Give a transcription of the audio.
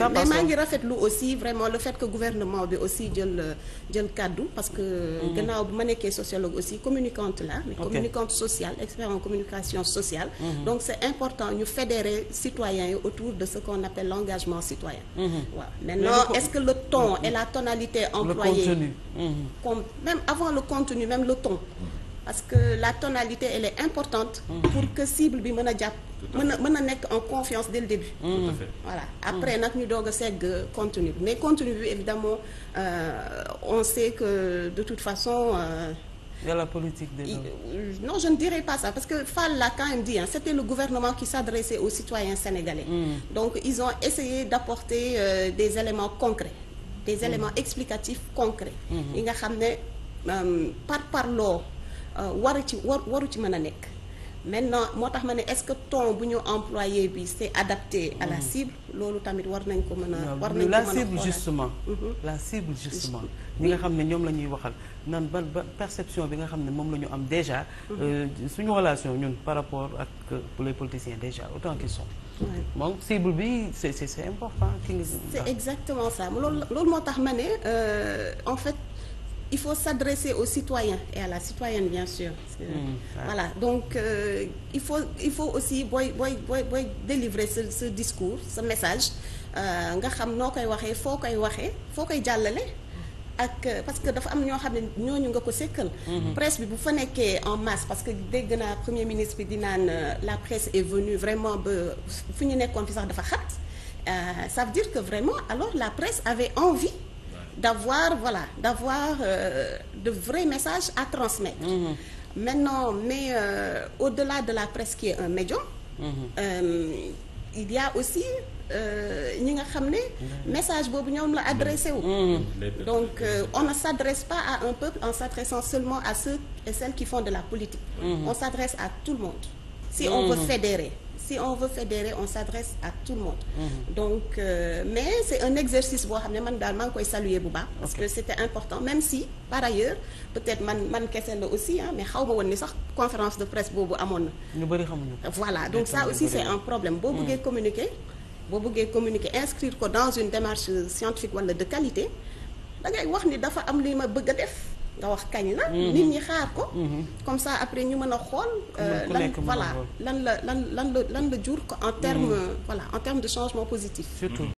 mais mais maa ngi rafetlu aussi vraiment le fait que gouvernement bi aussi jël kàddu parce que. Mm-hmm. gannaaw ma nekkee sociologue aussi communicante la. mais communicante sociale expert en communication sociale. Mm-hmm. donc c' est important ñu fédérer citoyens yi autour de ce qu'on appelle l'engagement citoyen. Mm-hmm. waaw maintenant est-ce que le ton et la tonalité employée. comme même avant le contenu même le ton. parce que la tonalité elle est importante. Mmh. pour que cible bi mën a jàpp. mën a mën a nekk en confiance dès le début. Mmh. tout voilà mmh. après nag ñu doog a segg contenu bi mais contenu bi évidemment euh, on sait que de toute façon. Euh, Il y a la politique des Non, je ne dirais pas ça parce que Fall l'a quand même dit hein, c'était le gouvernement qui s'adressait aux citoyens sénégalais. Mm. Donc ils ont essayé d'apporter euh, des éléments concrets, des mm. éléments explicatifs concrets. Yi nga xam ne euh, par parloo Euh, waru ci war waru ci mën a nekk maintenant moo tax ma ne est-ce que ton bu ñu employé bi c'est adapté à la mm. cible loolu tamit war nañ ko mën a war nañ ko mën a mm-hmm. la cible justement la cible justement ñi nga xam ne ñoom la ñuy waxal nan ba ba perception bi nga xam ne moom la ñu am déjà mm-hmm. euh, suñu relation ñun par rapport ak euh, les politiciens déjà autant qu'ils sont moom cible bi c'est c'est important ki nga c'est exactement ça loolu loolu moo tax ma ne en fait il faut s'adresser aux citoyens et à la citoyenne bien sûr mmh, voilà donc euh, il faut il faut aussi booy booy booy booy délivrer ce ce discours ce message euh, nga xam noo koy waxee foo koy waxee foo koy jàllale ak parce que dafa am ñoo xam ne ñooñu nga ko sekkal mm-hmm. presse bi bu fa nekkee en masse parce que dégg naa premier ministre bi di naan euh, la presse est venue vraiment ba fu ñu nekkoon fi sax dafa xat ça veut dire que vraiment alors la presse avait envie d'avoir voilà d'avoir euh, de vrais messages à transmettre. Mhm. Maintenant, mais euh, au-delà de la presse qui est un médium, mhm. euh, il y a aussi euh, ñi nga xam ne message boobu ñoom la adressé wu mmh. donc euh, on ne s'adresse pas à un peuple en s'adressant seulement à ceux qui font de la politique mhm. on s'adresse à tout le monde si on veut mm. fédérer si on veut fédérer on s'adresse à tout le monde mm-hmm. donc euh, mais c'est un exercice boo xam ne man daal maa ngi koy saluer bu baax parce que c'était important même si par ailleurs peut-être man man kese la aussi ah xaw ma woon ni sax conférence de presse boobu amoon na ñu bëri xamuñu voilà donc ça aussi c'est un problème boo bëggee mm. communiquer boo bëggee communiquer inscrire ko dans une démarche scientifique wala de qualité da ngay wax ni dafa am li ma bëgg a def nga wax kañ la. Mhm. nit ñi xaar ko. Mhm. comme ça après ñu mën a xool. Euh, lan voilà lan la lan lan la lan la jur ko en terme mhm. voilà en terme de changement positif. surtout.